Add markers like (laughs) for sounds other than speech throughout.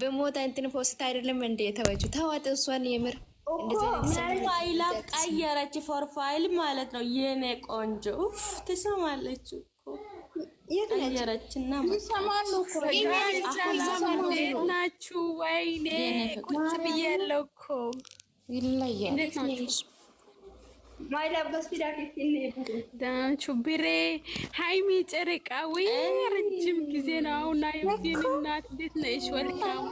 በሞታ እንትን ፖስት አይደለም እንደ የተወችው ታዋጥ እሷን የምር ፕሮፋይል ቀየረች። ፕሮፋይል ማለት ነው የኔ ቆንጆ ትሰማለች እኮ ቀየረች እና ናችሁ። ወይኔ ቁጭ ብዬ ያለው እኮ ይለያል ማይላበስዳዳናችሁ ብሬ ሀይሚ ጨረቃ ወይ ረጅም ጊዜ ነው። አሁን ሀይሚዬን እናት እንዴት ነሽ? ወልካም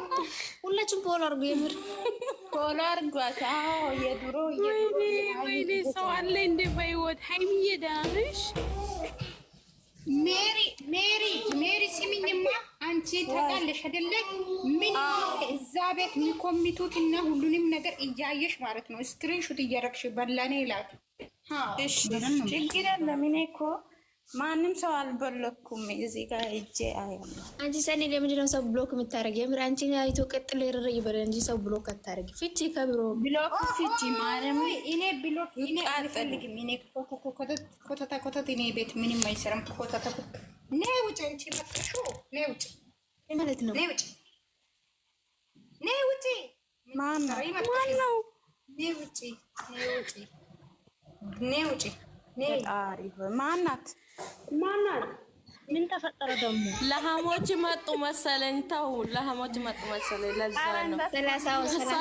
ሁላችሁም ፖሎ አድርጉ፣ የምር ፖሎ አድርጓት። አዎ የድሮ ወይኔ ሰው አለ እንደ በህይወት ሀይሚዬ ደህና ሜሪ ሜሪ ሜሪ ሲሚኝማ አንቺ ታውቃለሽ አይደለ? ምን እዛ ቤት የሚኮሚቱት እና ሁሉንም ነገር እያየሽ ማለት ነው። ስክሪንሹት እያረግሽ በላኔ ላት ችግር ለምን እኮ ማንም ሰው አልበለኩም። እዚህ ጋር እጄ አያለ አንቺ ሰኔ ለምንድነው ሰው ብሎክ የምታደርግ? የምር አንቺ አይቶ ቀጥል ይርር ይበለ እንጂ ሰው ብሎክ አታደርግ። ፍቺ ከብሮ ብሎክ ፍቺ ማለም እኔ ብሎክ እኔ አልፈልግም። እኔ ኮተታ ኮተት እኔ ቤት ምንም አይሰራም። ኮተታ ኮተት እኔ ውጭ እንቺ መጥሹ እኔ ውጭ ማለት ነው። እኔ ውጭ እኔ ውጭ ማን ነው? እኔ ውጭ እኔ ውጭ እኔ ውጭ ማናት ማናት? ምን ተፈጠረ ደግሞ? ለሀሞች መጡ መሰለኝ። ተው፣ ለሀሞች መጡ መሰለኝ። ለዛ ነው አይታዩም። የት ናችሁ? ከስራ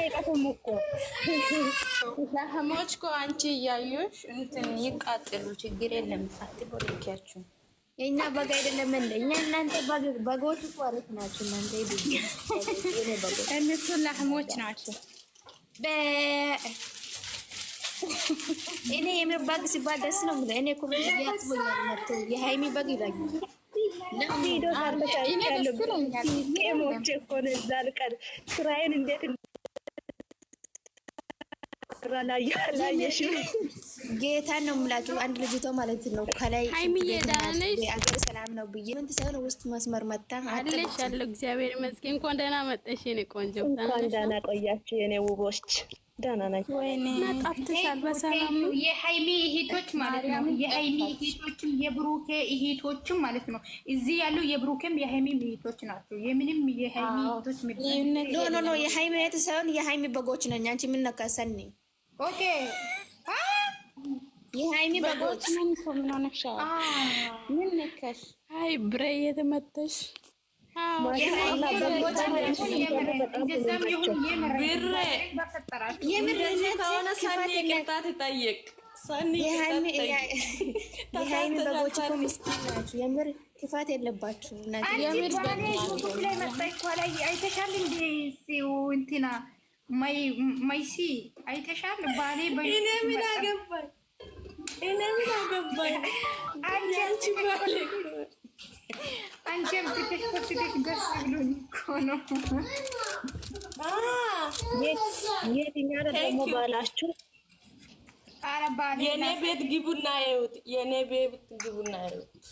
አይጠፉም እኮ ለሀሞች እኮ አንቺ እያዩሽ እንትን ይቃጥሉ። ችግር የለም አትቦልኪያችሁ የእኛ በግ አይደለም እንደ እኛ እናንተ በጎቹ እኮ አሪፍ ናቸው። እናንተ (laughs) እነሱ ላህሞች ናቸው። (laughs) እኔ የምር በግ ሲባል ደስ ነው ምለ እኔ የሀይሚ በግ ሞች ይላኛል። ስራዬን እንዴት ፍቅር አላየሽ ጌታን ነው የምላችሁ። አንድ ልጅቶ ማለት ነው ከላይ አገር ሰላም ነው ብዬ ምን ሳይሆን ውስጥ መስመር መታ አለሽ አለ እግዚአብሔር ይመስገን። እንኳን ደህና መጣሽ የኔ ቆንጆ፣ እንኳን ደህና ቆያችሁ የኔ ውቦች። ደህና ናቸው ጠፍተሻል። በሰላም ነው የሀይሚ እህቶች ማለት ነው። የሀይሚ እህቶችም የብሩኬ እህቶችም ማለት ነው። እዚህ ያሉ የብሩኬም የሀይሚ እህቶች ናቸው። የምንም የሀይሚ እህቶች ኖ ኖ ኖ የሀይሚ እህት ሳይሆን የሀይሚ በጎች ነኝ። አንቺ የምነካሰን ኦኬ የሀይሚ በጎች ምን ስለሆነሻ? ምን ነከሽ? አይ ብሬ የተመተሽ የምር ክፋት የለባችሁ። መይሲ አይተሻል? ባሌ እኔ ምን አገባኝ? እኔ ምን አገባኝ? አንቺም ትተሽ ወስደሽ ደስ ብሎኝ እኮ ነው። የትኛው ደግሞ ባላችሁ? ኧረ ባሌ የኔ ቤት ግቡና ይኸውት፣ የኔ ቤት ግቡና ይኸውት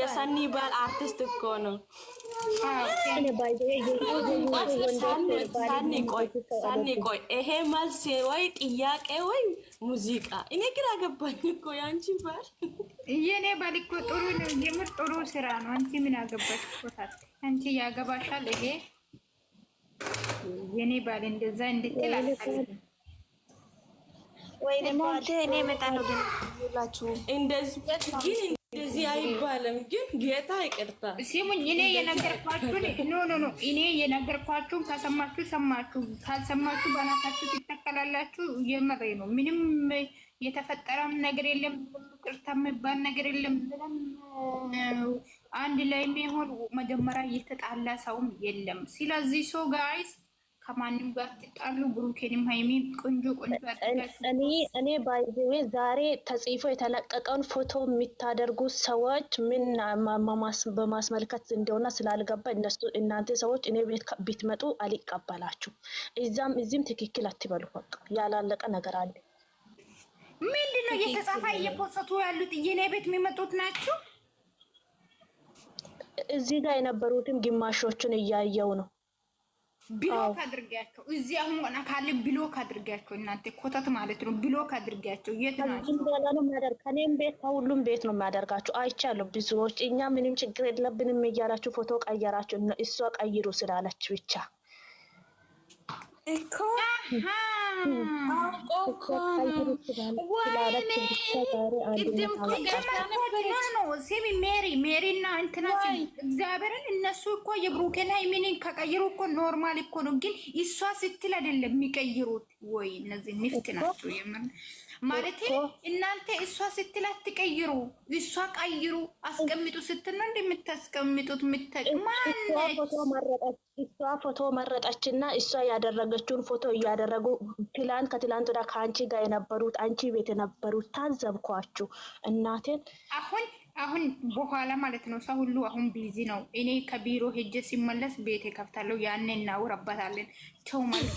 የሰኒ ባል አርቲስት እኮ ነው። ቆይ፣ ይሄ መልስ ወይ ጥያቄ ወይ ሙዚቃ? እኔ ግራ ገባኝ እኮ የአንቺ ባል የኔ ባል እኮ ጥሩ ነው፣ የምር ጥሩ ስራ ነው። አንቺ ምን አገባሽ? አንቺ ያገባሻል። ይሄ የኔ ባል እንደዛ እንድትል አልፈልግም። ግን እንደዚህ አይባልም። ግን ጌታ ይቅርታ ሲሙኝ እኔ የነገርኳችሁን ኖ እኔ የነገርኳችሁን ከሰማችሁ ሰማችሁ፣ ካልሰማችሁ በናታችሁ ትተከላላችሁ። የመሬ ነው። ምንም የተፈጠረም ነገር የለም። ቅርታ የሚባል ነገር የለም። አንድ ላይ የሚሆን መጀመሪያ እየተጣላ ሰውም የለም። ስለዚህ ሶ ጋይስ ከማንም ጋር ትጣሉ። ብሩኬንም ሀይሚ ቆንጆ ቆንጆ እኔ ባይዘዌ ዛሬ ተጽፎ የተለቀቀውን ፎቶ የሚታደርጉ ሰዎች ምን በማስመልከት እንደሆነ ስላልገባ እነሱ እናንተ ሰዎች እኔ ቤት ብትመጡ አልቀበላችሁ። እዛም እዚህም ትክክል አትበሉ። በቃ ያላለቀ ነገር አለ። ምንድነው እየተጻፈ እየፖሰቱ ያሉት? እኔ ቤት የሚመጡት ናቸው። እዚህ ጋር የነበሩትም ግማሾቹን እያየው ነው ብሎክ አድርጊያቸው። እዚህ ሆነ ካለ ብሎክ አድርጊያቸው። እናንተ ኮተት ማለት ነው። ብሎክ አድርጊያቸው። የት ናቸው? ከኔም ቤት ከሁሉም ቤት ነው የሚያደርጋቸው። አይቻለሁ። ብዙዎች እኛ ምንም ችግር የለብንም እያላችሁ ፎቶ ቀየራችሁ። እሷ ቀይሩ ስላለች ብቻ እኮ ቅድም ስሚ ሜሪ ሜሪ እና እንትና እግዚአብሔርን እነሱ እኮ የብሩኬን ሃይሚንን ከቀይሩ እኮ ኖርማል እኮ ነው፣ ግን እሷ ስትል አይደለም የሚቀይሩት። ወይ እነዚህ ንፍት ናቸው የምር ማለት እናንተ እሷ ስትላት ትቀይሩ እሷ ቀይሩ አስቀምጡ ስትል ነው እንደምታስቀምጡት። እሷ ፎቶ መረጠች እና እሷ ያደረገችውን ፎቶ እያደረጉ ትላንት ከትላንት ወዲያ ከአንቺ ጋር የነበሩት አንቺ ቤት የነበሩት ታዘብኳችሁ። እናቴን አሁን አሁን በኋላ ማለት ነው። ሰው ሁሉ አሁን ቢዚ ነው። እኔ ከቢሮ ሄጄ ሲመለስ ቤት ከፍታለሁ። ያኔ እናውራበታለን። ቸው ማለት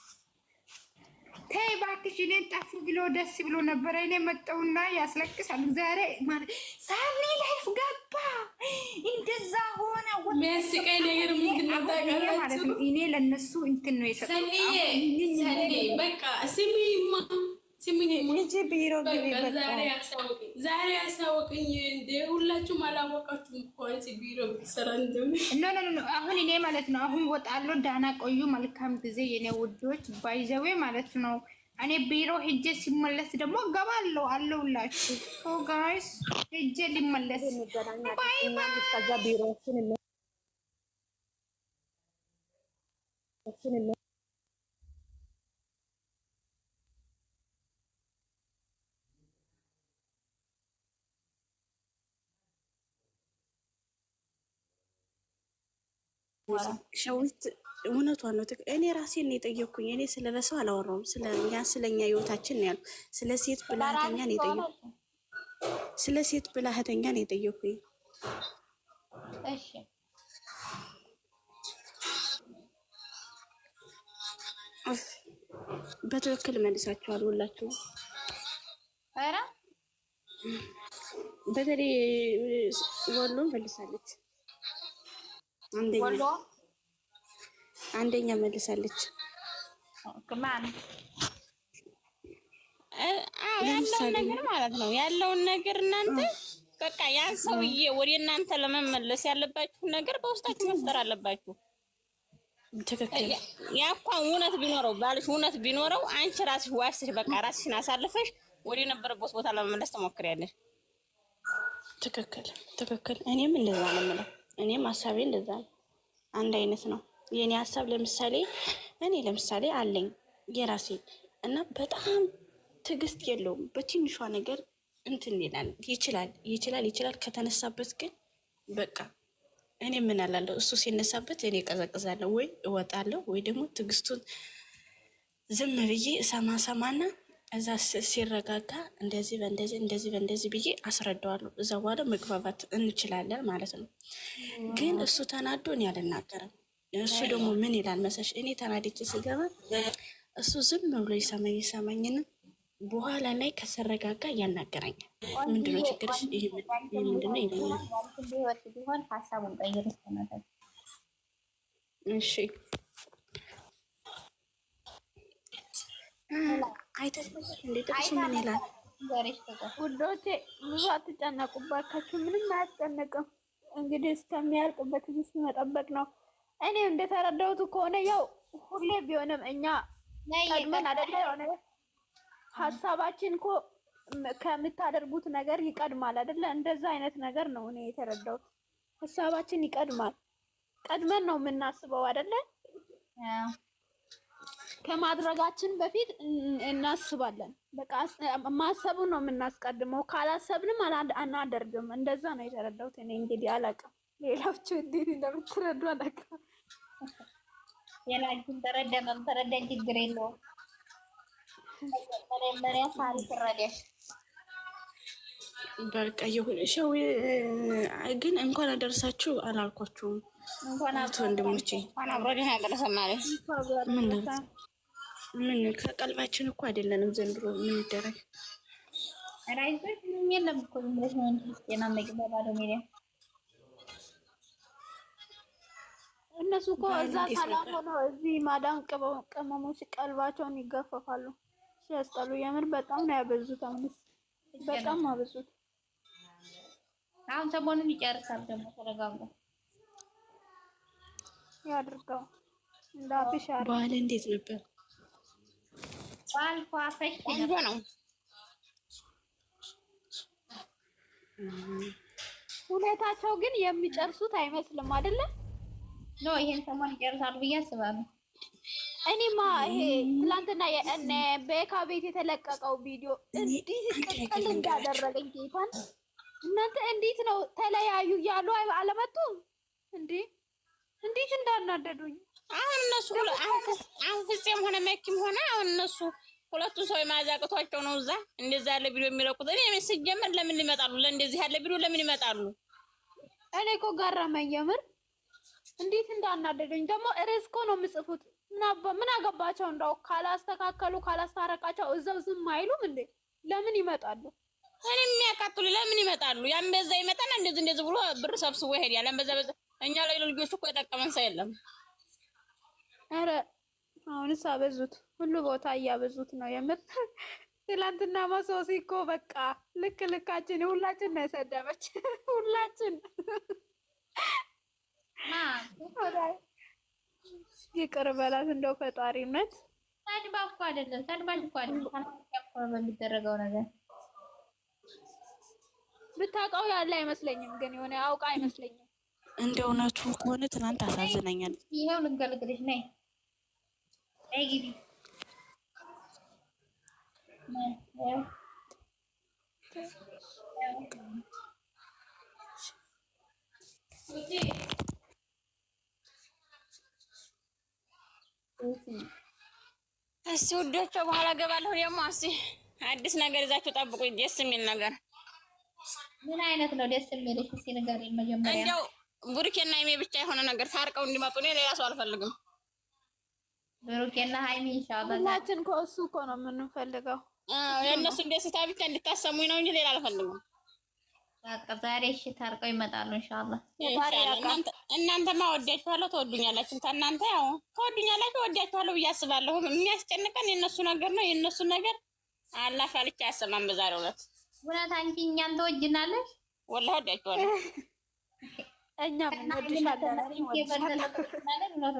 ተይ እባክሽ፣ እኔን ጠፉ ብሎ ደስ ብሎ ነበረ። እኔ መጠውና ያስለቅሳል። ዛሬ ማለት ሳኒ ላይፍ ገባ እንደዛ ሆነ። ሚያስቀኝ ነገር ምንድነው? ነው? እኔ ለነሱ እንትን ነው የሰጠ በቃ ስሚማ ዛሬ ያሳወቅኝ እንደ ሁላችሁም አላወቃችሁም እኮ ቢሮ ብትሰራ አሁን እኔ ማለት ነው። አሁን ወጣለሁ። ዳና ቆዩ። መልካም ጊዜ የኔ ውዶች። ባይዘዌ ማለት ነው። እኔ ቢሮ ሄጄ ሲመለስ ደግሞ እገባለሁ። አለሁላችሁ። ሶ ጋይስ ሄጄ ሊመለስ ባይ ባይ ሸዊት እውነቷን ነው። እኔ ራሴ ነው የጠየቅኩኝ። እኔ ስለበሰው አላወራውም። ስለኛ ስለኛ ህይወታችን ነው ያሉ። ስለ ሴት ብልሃተኛ ነው የጠየቅኩ። ስለ ሴት ብልሃተኛ ነው የጠየቅኩኝ። በትክክል መልሳችኋል ሁላችሁ። በተለይ ወሎ መልሳለች። አንደኛ አንደኛ መልሳለች። ያለውን ነገር ማለት ነው ያለውን ነገር እናንተ በቃ ያን ሰውዬ ወደ እናንተ ለመመለስ ያለባችሁን ነገር በውስጣችሁ መፍጠር አለባችሁ። ያ እንኳን እውነት ቢኖረው ባልሽ እውነት ቢኖረው አንቺ ራስሽ ዋሽተሽ በቃ ራስሽን አሳልፈሽ ወደ ነበረበት ቦታ ለመመለስ ትሞክሪያለሽ። ትክክል ትክክል። እኔም እንደዛ ነው የምለው እኔም ሀሳቤ እንደዛ ነው፣ አንድ አይነት ነው የእኔ ሀሳብ። ለምሳሌ እኔ ለምሳሌ አለኝ የራሴ እና በጣም ትዕግስት የለውም። በትንሿ ነገር እንትን ይላል ይችላል ይችላል ይችላል። ከተነሳበት ግን በቃ እኔ ምን እሱ ሲነሳበት እኔ ቀዘቅዛለሁ ወይ እወጣለሁ ወይ ደግሞ ትዕግስቱን ዝም ብዬ እሰማ ሰማና እዛ ሲረጋጋ እንደዚህ በእንደዚህ እንደዚህ በእንደዚህ ብዬ አስረዳዋለሁ። እዛ በኋላ መግባባት እንችላለን ማለት ነው። ግን እሱ ተናዶ እኔ አልናገርም። እሱ ደግሞ ምን ይላል መሰሽ፣ እኔ ተናድች ስገባ እሱ ዝም ብሎ ይሰማኝ ይሰማኝን፣ በኋላ ላይ ከሰረጋጋ ያናገረኛል። ምንድነው ችግርሽ? ይህ ምንድነው? ሀሳቡን ቀይር እሺ አይተሽ እንዴ ጥቅሱ ምን ውዶቼ ብዙ አትጨነቁባካችሁ። ምንም አያስጨንቅም። እንግዲህ እስከሚያልቅበት ትዕግስት መጠበቅ ነው። እኔ እንደተረዳሁት ከሆነ ያው ሁሌ ቢሆንም እኛ ቀድመን አደለ የሆነ ሀሳባችን እኮ ከምታደርጉት ነገር ይቀድማል አደለ? እንደዛ አይነት ነገር ነው እኔ የተረዳሁት። ሀሳባችን ይቀድማል። ቀድመን ነው የምናስበው አደለ? ከማድረጋችን በፊት እናስባለን። በቃ ማሰቡ ነው የምናስቀድመው። ካላሰብንም አናደርግም። እንደዛ ነው የተረዳሁት እኔ። እንግዲህ አላውቅም፣ ሌላዎቹ እንዴት እንደምትረዱ አላውቅም። ሌላችን ተረዳመም ተረዳን፣ ችግር የለውም። መጀመሪያ ሳሪ ትረዳሽ በቃ የሆነ ሸው ግን እንኳን አደረሳችሁ አላልኳችሁም። እንኳን አቶ ወንድሞቼ እንኳን አብሮ ደህና ማለት ምን ምን ከቀልባችን እኮ አይደለንም ዘንድሮ ምን ይደረግ። የለም እኮ እነሱ እኮ እዛ ሰላም ሆኖ እዚህ ማዳም ቅመሞች ቀልባቸውን ይገፈፋሉ። ሲያስጠሉ የምር በጣም ነው ያበዙት። አምስት በጣም አበዙት። አሁን ሰሞኑን ይጨርሳል ደግሞ ተረጋግጦ ያድርገው። እንደ አፍሽ ባለ እንዴት ነበር? ቆንጆ ነው። ሁኔታቸው ግን የሚጨርሱት አይመስልም አይደለም? ኖ ይሄን ሰሞን ይጨርሳሉ ብዬ አስባለሁ። እኔማ ይሄ ትላንትና የእነ በካ ቤት የተለቀቀው ቪዲዮ እንዲህ ቅጥል እንዳደረገኝ ጌታን እናንተ እንዴት ነው ተለያዩ እያሉ አለመጡም እንዴ? እንዴት እንዳናደዱኝ አሁን እነሱ አሁን ፍፄም ሆነ መኪም ሆነ አሁን እነሱ ሁለቱን ሰው የማዛቅቷቸው ነው። እዛ እንደዛ ያለ ቢሮ የሚለቁት እኔ ስጀመር ለምን ይመጣሉ? ለእንደዚህ ያለ ቢሮ ለምን ይመጣሉ? እኔ እኮ ጋራማኝ የምር እንዴት እንዳናደደኝ ደግሞ ሬስኮ ነው የምጽፉት። ምን አገባቸው? እንደው ካላስተካከሉ ካላስታረቃቸው እዛው ዝም አይሉም እንዴ? ለምን ይመጣሉ? እኔ የሚያቃጥሉ ለምን ይመጣሉ? ያን በዛ ይመጣና እንደዚህ እንደዚህ ብሎ ብር ሰብስቦ ይሄድ ያን በዛ በዛ እኛ ላይ ልጆቹ እኮ የጠቀመን ሰው የለም። ኧረ አሁንስ አበዙት። ሁሉ ቦታ እያበዙት ነው የምር። ትላንትና ማሶሲ እኮ በቃ ልክ ልካችን ሁላችን ነው የሰደበች። (laughs) ሁላችን ይቅር በላት እንደው ፈጣሪነት። ሰድባ እኮ አይደለም ሰድባች እኮ አይደለም የሚደረገው ነገር ብታውቀው ያለ አይመስለኝም፣ ግን የሆነ አውቃ አይመስለኝም። እንደ እውነቱ ከሆነ ትናንት አሳዝነኛል። ይኸው ልንገልግልሽ ነይ እስኪ ውዶቹ በኋላ እገባለሁ። ደግሞ እስኪ አዲስ ነገር ይዛችሁ ጠብቁኝ። ደስ የሚል ነገር ምን አይነት ነው ደስ እስኪ ንገሪኝ መጀመሪያ። እንደው ቡርኬና ብቻ የሆነ ነገር ታርቀው እንዲመጡ እኔ ሌላ ሰው አልፈልግም። ብሩኬና ሃይሚ ኢንሻአላህ ሁላችን ከእሱ እኮ ነው የምንፈልገው። አዎ የእነሱን ደስታ ብቻ እንድታሰሙኝ ነው እንጂ ሌላ አልፈልግም። በቃ ዛሬ እሺ ታርቀው ይመጣሉ ኢንሻአላህ። እናንተማ ወዳችኋለሁ፣ ተወዱኛላችሁ። ታናንተ ያው ተወዱኛላችሁ፣ ወዳችኋለሁ ብዬ አስባለሁ። የሚያስጨንቀን የእነሱ ነገር ነው። የእነሱን ነገር አላህ ፈልቼ አያሰማም። በዛሬው ዕለት እውነት አንቺ እኛን ተወጅናለሽ። ወላሂ ወዳችኋለሁ። እኛም ማለት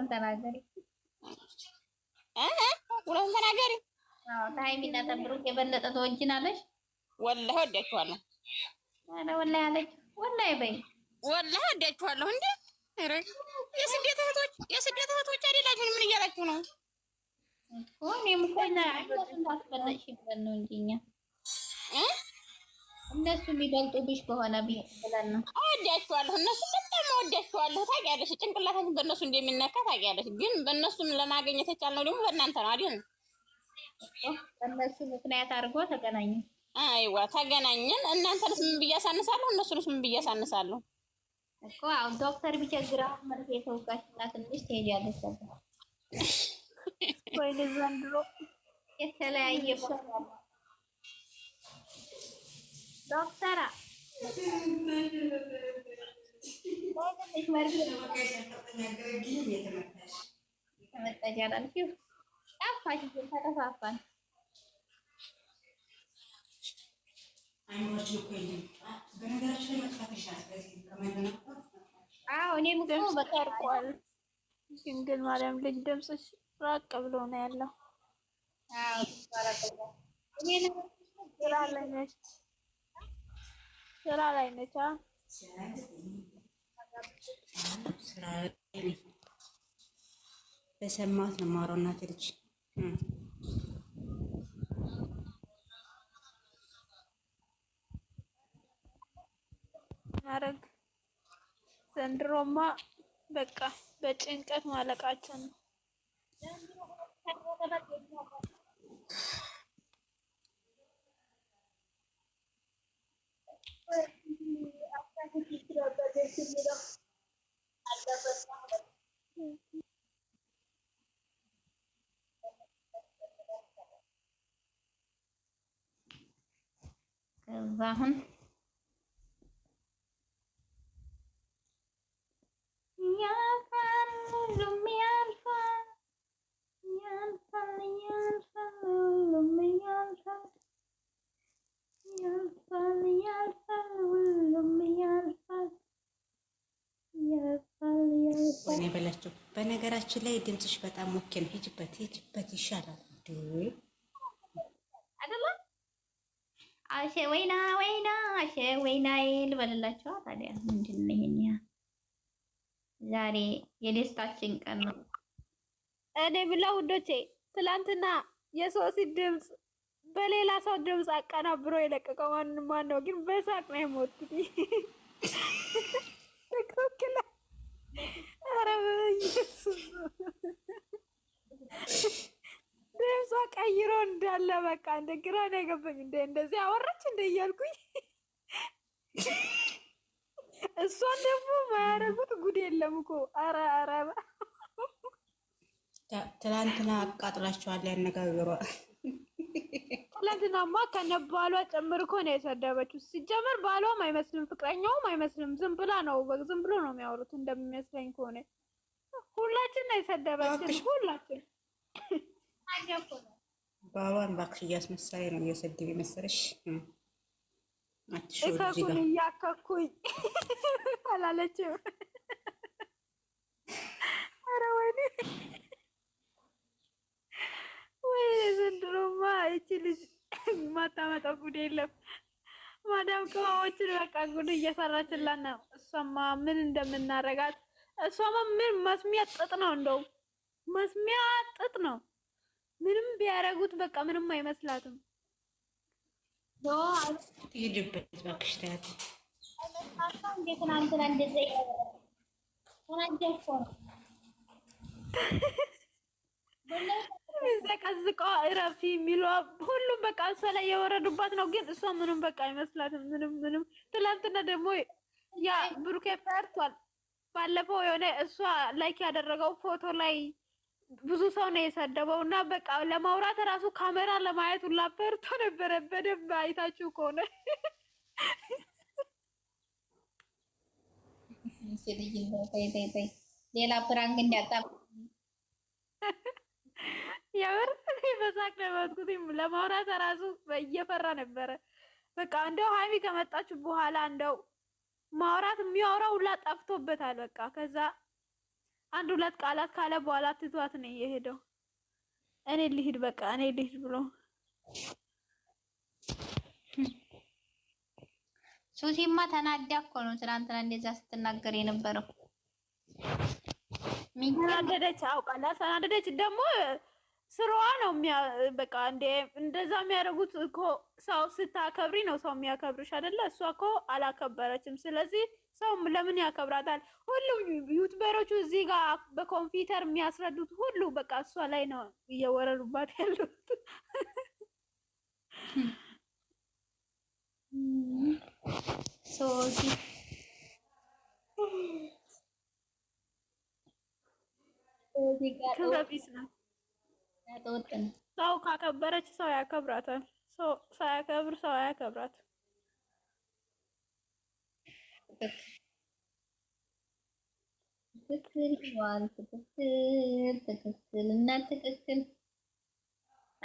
ነው። ተናገሪ እውነቱን ተናገሪ። ታይሚና ተብሩክ የበለጠ ተወጅናለሽ። ወላሂ ወዳችኋለሁ። አረ ወላሂ አለች። ወላሂ በይ ወላሂ ወዳችኋለሁ። እንዴ የስደት እህቶች የስደት እህቶች አይደላችሁ? ምን እያላችሁ ነው? እኔም እኮ እንዳስመለጥሽ ብለን ነው እንጂ እኛ እነሱ የሚበልጡብሽ በሆነ ብለን ነው። እወዳቸዋለሁ፣ እነሱ በጣም እወዳቸዋለሁ። ታውቂያለሽ፣ ጭንቅላታችን በእነሱ እንደሚነካ ታውቂያለሽ። ግን በእነሱም ለማገኘት የቻልነው ደግሞ በእናንተ ነው አይደል? በእነሱ ምክንያት አድርጎ ተገናኘ። አይዋ ተገናኘን። እናንተንስ ምን ብዬሽ አሳንሳለሁ? እነሱንስ ምን ብዬሽ አሳንሳለሁ? እኮ አሁን ዶክተር ቢቸግራ አሁን መርፌ የተወጋችና ትንሽ ትሄጃለሽ። (laughs) ወይ ዘንድሮ የተለያየ ቦታ ഡോക്ടറാ ተጠፋፋን። እኔም ግን በቃ ያርቋል። ድንግል ማርያም ልጅ ድምፅሽ ራቅ ብሎ ነው ያለው። ስራ ላይ ነቻ። በሰማት ነው የማወራው። እናቴ ልጅ ማረግ ዘንድሮማ በቃ በጭንቀት ማለቃችን ነው። ከዛ አሁን ያልፋል ሁሉም ያልፋል ያልፋል ያልፋል ሁሉም ያልፋል ያልፋል ያልፋል ሁሉም ያልፋል ያልፋል ያልፋል በላቸው። በነገራችን ላይ ድምፅሽ በጣም ሞኬ ነው። ሂጅበት ሂጅበት ይሻላል አይደለ? አሸ ወይና ወይና አሸ ወይና ታዲያ ምንድን ነው ይሄን ዛሬ የደስታችን ቀን ነው። እኔ ብላ ውዶቼ ትላንትና የሶሲ ድምፅ በሌላ ሰው ድምፅ አቀናብሮ የለቀቀው ማንም ነው? ግን በሳቅ ነው የሞትኩት። ድምፅ ቀይሮ እንዳለ በቃ እንደ ግራ ነው የገባኝ። እንደ እንደዚህ አወራች እንደ እያልኩኝ እሷን ደግሞ ማያደርጉት ጉድ የለም እኮ ኧረ ኧረ ትላንትና አቃጥላቸዋል ያነጋግሯል ትናንትናማ ባሏ ጨምር እኮ ነው የሰደበችው። ሲጀመር ባሏም አይመስልም ፍቅረኛውም አይመስልም። ዝም ብላ ነው ዝም ብሎ ነው የሚያወሩት። እንደሚመስለኝ ከሆነ ሁላችን ነው የሰደበችን። ሁላችን ባሏን ባክሽ እያስመሰለ ነው እየሰደበ የመሰለሽ እከኩን እያከኩኝ አላለችም። ኧረ ወይኔ ወይ ዘንድሮማ ይቺ ልጅ ማታመጣው ጉድ የለም። ማዳም ቅመሞችን በቃ ጉድ እየሰራችላት ነው። እሷማ ምን እንደምናረጋት እሷማ ምን መስሚያ ጥጥ ነው፣ እንደው መስሚያ ጥጥ ነው። ምንም ቢያረጉት በቃ ምንም አይመስላትም። ሂድበት እባክሽ ተያት። ትናንትና እንደዚያ ነው አዝቃ እረፊ የሚሏ ሁሉም በቃ እሷ ላይ የወረዱባት ነው። ግን እሷ ምንም በቃ አይመስላትም። ምንም ምንም። ትላንትና ደግሞ ያ ብሩኬ ፈርቷል። ባለፈው የሆነ እሷ ላይክ ያደረገው ፎቶ ላይ ብዙ ሰው ነው የሰደበው እና በቃ ለማውራት ራሱ ካሜራ ለማየት ሁላ ፈርቶ ነበረ። በደንብ አይታችሁ ከሆነ ሌላ ፕራንክ እንዲያጣ የምር በሳቅ ነው ለማውራት ራሱ እየፈራ ነበረ። በቃ እንደው ሀይሚ ከመጣችሁ በኋላ እንደው ማውራት የሚያወራው ሁላ ጠፍቶበታል። በቃ ከዛ አንድ ሁለት ቃላት ካለ በኋላ ትቷት ነው የሄደው። እኔ ልሂድ በቃ እኔ ልሂድ ብሎ ሱሲማ ተናዳ እኮ ነው ትናንትና እንደዛ ስትናገር የነበረው። ተናደደች፣ አውቃለሁ ተናደደች ደግሞ ስራዋ ነው። በቃ እንደ እንደዛ የሚያደርጉት እኮ ሰው ስታከብሪ ነው ሰው የሚያከብርሽ አይደለ? እሷ እኮ አላከበረችም። ስለዚህ ሰው ለምን ያከብራታል? ሁሉም ዩቱበሮቹ እዚህ ጋር በኮምፒውተር የሚያስረዱት ሁሉ በቃ እሷ ላይ ነው እየወረዱባት (laughs) ያሉት። ክብረ (laughs) ቢስ ነው ሰው ካከበረች ሰው ያከብራታል። ሳያከብር ሰው አያከብራት። ትክክል ዋል ትክክል ትክክል እና ትክክል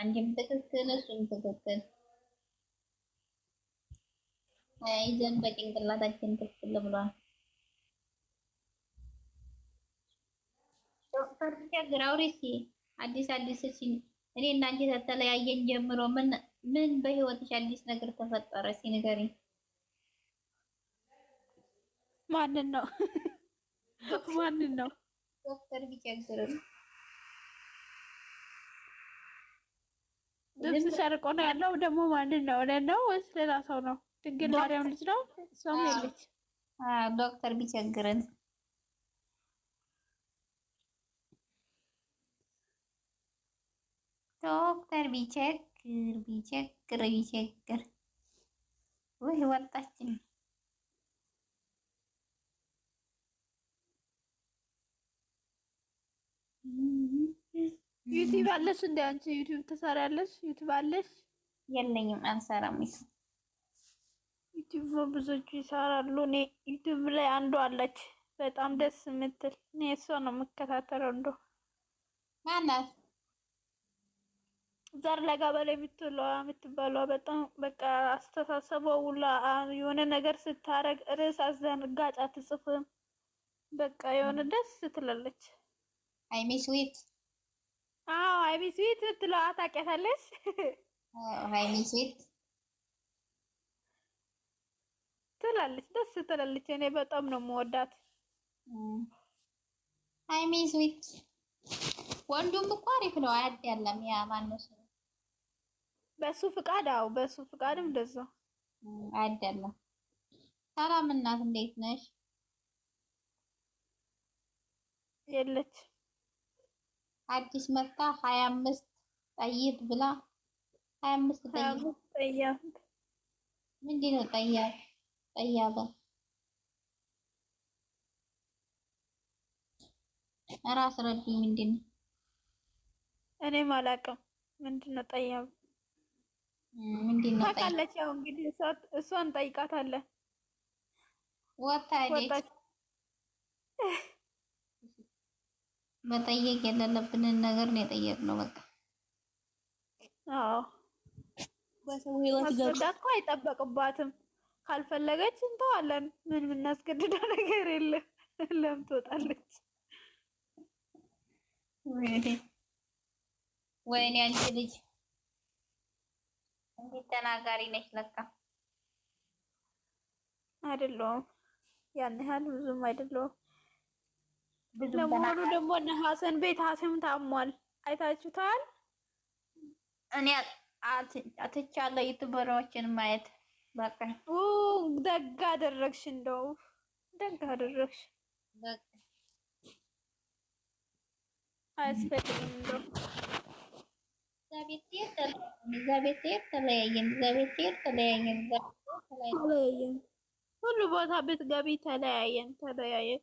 አንድም ትክክል እሱም ትክክል ይዘን በጭንቅላታችን ትክክል ብሏል። ዶክተር ቸግር አውሪ እስኪ አዲስ አዲስ ሲን እኔ እናንቺ ተተለያየን ጀምሮ ምን ምን በህይወትሽ አዲስ ነገር ተፈጠረ? እስኪ ማንን ነው ማንን ነው? ዶክተር ቢቸግርም ልብስ ሰርቆ ነው ያለው። ደግሞ ማንን ነው? እኔ ነው ወይስ ሌላ ሰው ነው? ድንግል ማርያም ልጅ ነው ሰው ልጅ ዶክተር ቢቸግርን ዶክተር ቢቸግር ቢቸግር ቢቸግር ወይ ወጣችን። ዩቲዩብ አለሽ እንደ አንቺ ዩቲዩብ ትሰሪያለሽ? ዩቲዩብ አለሽ? የለኝም፣ አልሰራም። ዩቲዩብ ብዙዎቹ ይሰራሉ። እኔ ዩቲዩብ ላይ አንዱ አለች በጣም ደስ የምትል። እኔ እሷ ነው የምከታተለው። እንዶ ማናት? ዘር ለጋበል የምትለዋ የምትባለዋ በጣም በቃ አስተሳሰቧ ውላ የሆነ ነገር ስታረግ ርዕስ አዘንጋጭ አትጽፍም። በቃ የሆነ ደስ ትላለች። አይሚ ስዊት አዎ፣ አይሚ ስዊት ትለዋ ታውቂያታለሽ? አይሚ ስዊት ትላለች፣ ደስ ትላለች። እኔ በጣም ነው የምወዳት አይሚ ስዊት። ወንዱም እኮ አሪፍ ነው። አያድ ያለም ያ ማነሱ በሱ ፍቃድ አው በሱ ፍቃድም እንደዛ አይደለም። ሰላም እናት እንዴት ነሽ? የለች አዲስ መጣ 25 ጠይት ብላ 25 ጠይት ጠያት ምንድን ነው ጠያ ጠያበ እራስ ረዱኝ ምንድን ነው እኔም አላውቅም ምንድን ነው ታውቃለች። ያው እንግዲህ እሷን ጠይቃታለን። ወጣች መጠየቅ የሌለብንን ነገር ነው የጠየቅነው። በቃ አዎ፣ ህይወት እኮ አይጠበቅባትም። ካልፈለገች እንተዋለን። ምን የምናስገድደው ነገር የለም። ለም ትወጣለች። ወይኔ አንቺ ልጅ እንዴት ተናጋሪ ነች ለካ አይደለሁም። ያን ያህል ብዙም አይደለሁም። ለመሆኑ ደግሞ እነ ሀሰን ቤት ሀሰም ታሟል፣ አይታችሁታል? እኔ አትቻለሁ ዩቱበሮችን ማየት። በቃ ደግ አደረግሽ፣ እንደው ደግ አደረግሽ። አያስፈልግም እንደው ተለያየን፣ ሁሉ ቦታ ብትገቢ ተለያየን፣ ተለያየን።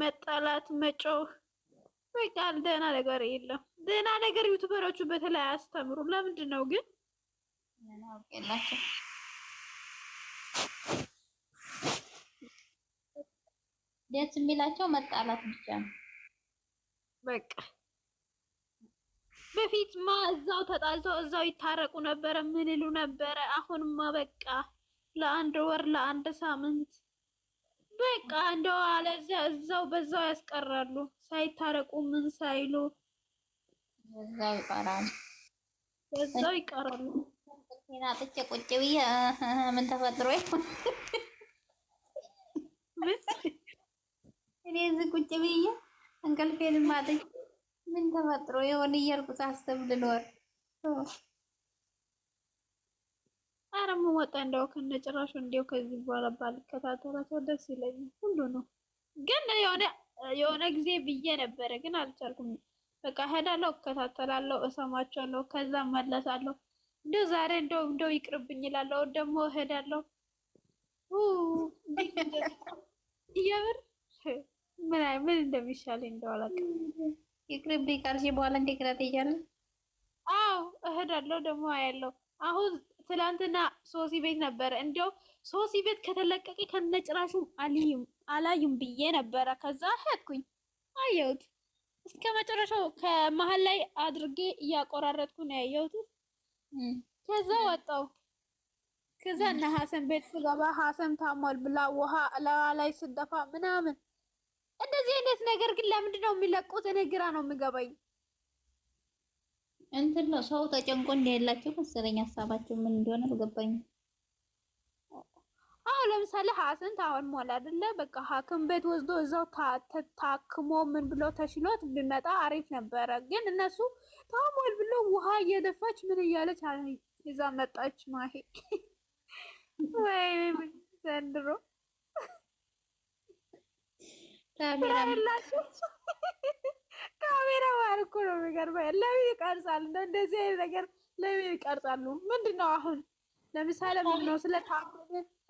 መጣላት መጮህ በቃ ደህና ነገር የለም። ደህና ነገር ዩቱበሮቹ በተለይ አያስተምሩም። ለምንድን ነው ግን? ደስ የሚላቸው መጣላት ብቻ ነው በቃ በፊትማ እዛው ተጣልቶ እዛው ይታረቁ ነበረ። ምን ይሉ ነበረ? አሁንማ በቃ ለአንድ ወር ለአንድ ሳምንት በቃ እንደው አለዚያ እዛው በዛው ያስቀራሉ። ሳይታረቁ ምን ሳይሉ እዛው ይቀራሉ፣ በዛው ይቀራሉ። ጤና ጥቼ ቁጭ ብዬ ምን ተፈጥሮ ይሁን እኔ እዚህ ቁጭ ብዬ እንቅልፌን ማጥቼ ምን ተፈጥሮ የሆነ እያልኩት አስብ ልኖር አረም ወጣ እንደው ከነጭራሹ እንደው ከዚህ በኋላ ባልከታተላቸው ደስ ይለኛል። ሁሉ ነው ግን የሆነ የሆነ ጊዜ ብዬ ነበረ ግን አልቻልኩም። በቃ ሄዳለሁ እከታተላለሁ፣ እሰማቸዋለሁ፣ ከዛ መለሳለሁ። እንደው ዛሬ እንደው እንደው ይቅርብኝ እላለሁ፣ ደግሞ እሄዳለሁ። የምር ምን ምን እንደሚሻለኝ እንደው አላውቅም። ይቅርብ ካልሽ በኋላ እንዴት ግራ ትሄጃለሽ። አዎ እሄዳለሁ። ደግሞ ያለው አሁን ትላንትና ሶሲ ቤት ነበረ። እንዲያው ሶሲ ቤት ከተለቀቀ ከነጭራሹ አልዩም አላዩም ብዬ ነበረ። ከዛ ሄድኩኝ አየሁት እስከ መጨረሻው ከመሀል ላይ አድርጌ እያቆራረጥኩ ነው ያየሁት። ከዛ ወጣው። ከዛ እነ ሀሰን ቤት ስገባ ሀሰን ታሟል ብላ ውሃ ላይ ስደፋ ምናምን እንደዚህ አይነት ነገር ግን ለምንድን ነው የሚለቁት? እኔ ግራ ነው የምገባኝ። እንትን ነው ሰው ተጨንቆ እንደሌላቸው መሰለኝ ሀሳባቸው ምን እንደሆነ አልገባኝም። አዎ ለምሳሌ ሀስን ታወን ሞላ አይደለ? በቃ ሐኪም ቤት ወስዶ እዛው ታክሞ ምን ብሎ ተሽሎት ቢመጣ አሪፍ ነበረ። ግን እነሱ ታሞል ብሎ ውሃ እየደፋች ምን እያለች ይዛ መጣች። ማሄ (laughs) ወይ ዘንድሮ ካሜራ ማን እኮ ነው የሚገርመኝ። ለምን ይቀርጻሉ? እንደዚህ አይነት ነገር ለምን ይቀርጻሉ? ምንድን ነው አሁን ለምሳሌ ምንድን ነው ስለ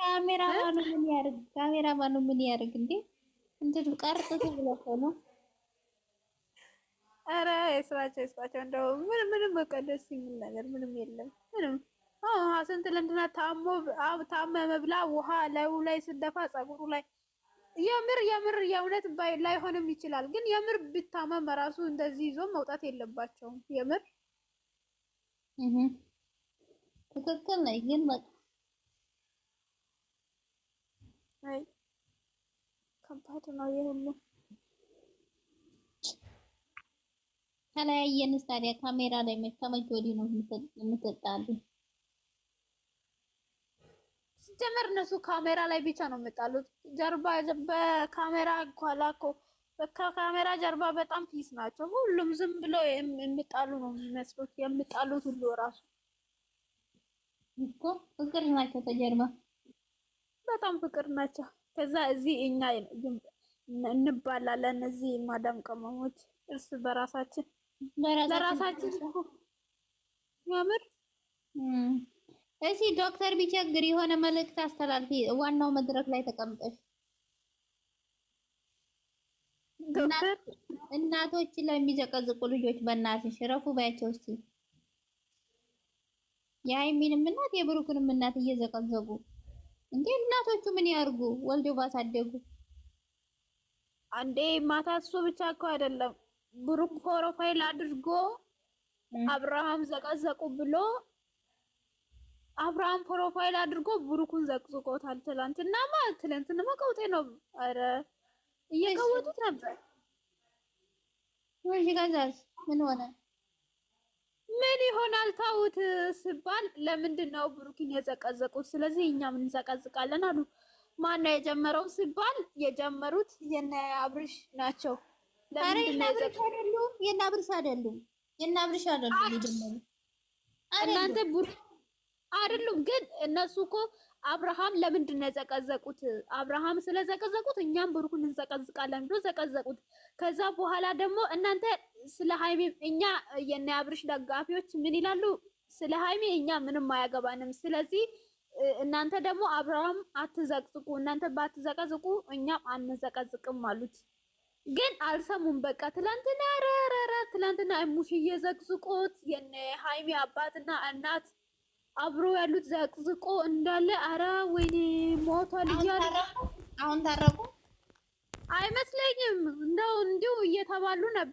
ካሜራ ማኑ ምን ያርግ? ካሜራ ማኑ ምን ያርግ? እንዴ እንትን ቀርጽቱ ብሎ ነው። ኧረ የስራቸው የስራቸው። እንደው ምንም ምንም በቃ ደስ የሚል ነገር ምንም የለም ምንም አዎ ስንት ለምንድን ነው ታሞ ታመመ ብላ ውሃ ላዩ ላይ ስደፋ ጸጉሩ ላይ የምር የምር የእውነት ላይሆንም ይችላል፣ ግን የምር ብታመም ራሱ እንደዚህ ይዞ መውጣት የለባቸውም። የምር ትክክል ነኝ፣ ግን በቃ አይ ከባድ ነው የሁሉ ተለያየንስ ታዲያ። ካሜራ ላይ መቼ ወዲህ ነው የምትጣሉ? ሲጀመር እነሱ ካሜራ ላይ ብቻ ነው የምጣሉት ጀርባ በካሜራ ኋላ እኮ ከካሜራ ጀርባ በጣም ፒስ ናቸው። ሁሉም ዝም ብሎ የምጣሉ ነው የሚመስሉት። የምጣሉት ሁሉ ራሱ እኮ ፍቅር ናቸው። ተጀርባ በጣም ፍቅር ናቸው። ከዛ እዚህ እኛ እንባላለን። እነዚህ ማዳም ቅመሞች እርስ በራሳችን በራሳችን ያምር እስኪ ዶክተር ቢቸግር የሆነ መልእክት አስተላልፊ። ዋናው መድረክ ላይ ተቀምጠሽ እናቶች ለሚዘቀዝቁ ልጆች በእናትሽ ረፉ ባያቸው እስኪ። የሀይሚንም እናት የብሩክንም እናት እየዘቀዘቁ እንዴ! እናቶቹ ምን ያርጉ? ወልደው ባሳደጉ አንዴ ማታ እሱ ብቻ እኮ አይደለም ብሩክ ፕሮፋይል አድርጎ አብርሃም ዘቀዘቁ ብሎ አብርሃም ፕሮፋይል አድርጎ ብሩኩን ዘቅዝቆታል። ትላንትና ማለት ትላንትንማ ቀውጤ ነው። አረ እየቀወጡት ነበር። ወይ ጋዛስ ምን ሆነ? ምን ይሆናል ታውት ስባል ለምንድን ነው ብሩኪን የዘቀዘቁት? ስለዚህ እኛም እንዘቀዝቃለን አሉ። ማነው የጀመረው ሲባል የጀመሩት የነ አብርሽ ናቸው። ለምንድን ነው የዘቀዘቁት? የነ አብርሽ አይደሉም። የነ አብርሽ አይደሉም የጀመሩት እናንተ ብሩክ አይደሉም። ግን እነሱ እኮ አብርሃም ለምንድን ነው የዘቀዘቁት? አብርሃም ስለዘቀዘቁት እኛም ብሩክን እንዘቀዝቃለን ብሎ ዘቀዘቁት። ከዛ በኋላ ደግሞ እናንተ ስለ ሀይሚ እኛ የነ አብርሽ ደጋፊዎች ምን ይላሉ? ስለ ሀይሚ እኛ ምንም አያገባንም። ስለዚህ እናንተ ደግሞ አብርሃም አትዘቅዝቁ፣ እናንተ ባትዘቀዝቁ እኛም አንዘቀዝቅም አሉት። ግን አልሰሙም። በቃ ትላንትና ረረረ ትላንትና ሙሽዬ ዘቅዝቆት የነ ሀይሚ አባትና እናት አብሮ ያሉት ዘቅዝቆ እንዳለ አረ ወይኔ ሞቷል እያለ አሁን ታረቁ አይመስለኝም። እንደው እንዲሁ እየተባሉ ነበር።